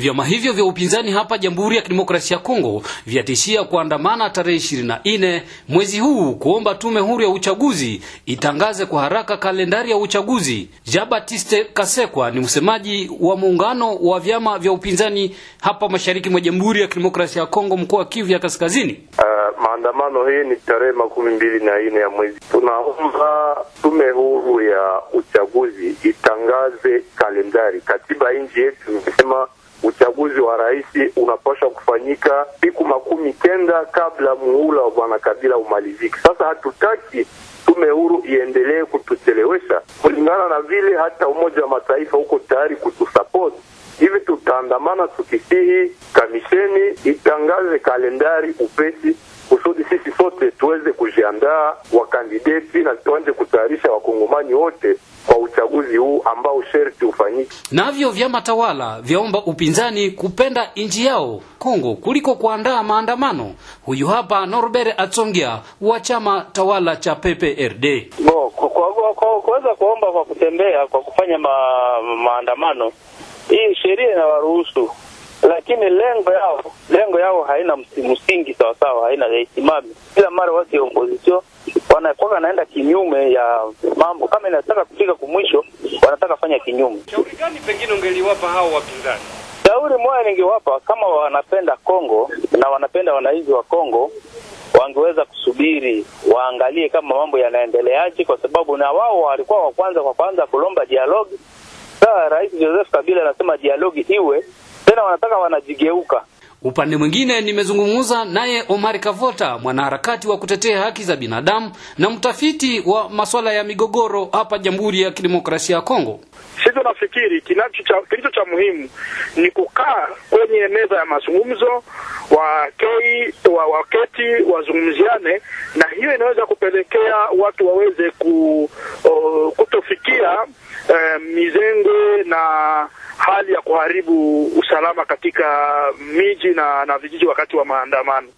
Vyama hivyo vya upinzani hapa Jamhuri ya Kidemokrasia ya Kongo vyatishia kuandamana tarehe 24 mwezi huu kuomba tume huru ya uchaguzi itangaze kwa haraka kalendari ya uchaguzi. Jean Baptiste Kasekwa ni msemaji wa muungano wa vyama vya upinzani hapa mashariki mwa Jamhuri ya Kidemokrasia ya Kongo, mkoa wa Kivu ya Kaskazini. Uh, maandamano hii ni tarehe makumi mbili na nne ya mwezi. Tunaomba tume huru ya uchaguzi itangaze kalendari. Katiba nchi yetu imesema uchaguzi wa rais unapasha kufanyika siku makumi kenda kabla muhula wa bwana Kabila umaliziki. Sasa hatutaki tume huru iendelee kutuchelewesha, kulingana na vile hata Umoja wa Mataifa uko tayari kutusapoti hivi tutaandamana tukisihi kamisheni itangaze kalendari upesi kusudi sisi sote tuweze kujiandaa wakandideti na tuanze kutayarisha wakongomani wote kwa uchaguzi huu ambao sherti ufanyike. Navyo vyama tawala vyaomba upinzani kupenda nchi yao Kongo kuliko kuandaa maandamano. Huyu hapa Norbert Atsongia wa chama tawala cha PPRD. No, kuweza kuomba kwa kutembea, kwa kufanya ma, maandamano hii sheria inawaruhusu, lakini lengo yao lengo yao haina msingi sawasawa, haina haisimami. Kila mara wasi ya opposition wanakuwa naenda kinyume ya mambo, kama inataka kufika kumwisho, wanataka fanya kinyume. Shauri gani pengine ungeliwapa hao wapinzani? Shauri moja ningewapa, kama wanapenda Kongo na wanapenda wananchi wa Kongo wangeweza kusubiri waangalie kama mambo yanaendeleaje, kwa sababu na wao walikuwa wa kwanza kwa kwanza kulomba dialogue saa Rais Joseph Kabila anasema dialogi iwe tena, wanataka wanajigeuka. Upande mwingine nimezungumza naye Omar Kavota, mwanaharakati wa kutetea haki za binadamu na mtafiti wa masuala ya migogoro hapa Jamhuri ya Kidemokrasia ya Kongo. Sisi tunafikiri kilicho cha muhimu ni kukaa kwenye meza ya mazungumzo, wakei wa waketi wazungumziane, na hiyo inaweza kupelekea watu waweze ku, o, kutofikia isizengwe na hali ya kuharibu usalama katika miji na, na vijiji wakati wa maandamano.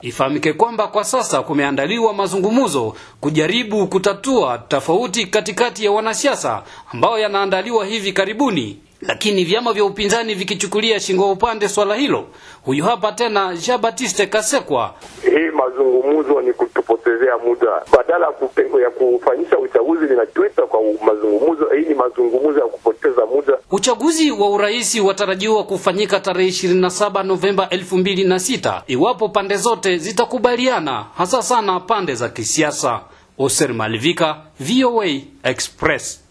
Ifahamike kwamba kwa sasa kumeandaliwa mazungumzo kujaribu kutatua tofauti katikati ya wanasiasa ambao yanaandaliwa hivi karibuni, lakini vyama vya upinzani vikichukulia shingo upande swala hilo. Huyu hapa tena Jean Baptiste Kasekwa. Hii mazungumzo ni kutupotezea muda, badala ya kufanyisha uchaguzi linatuita Uchaguzi wa urais watarajiwa kufanyika tarehe 27 Novemba 2006 iwapo pande zote zitakubaliana, hasa sana pande za kisiasa. Oser Malivika, VOA Express.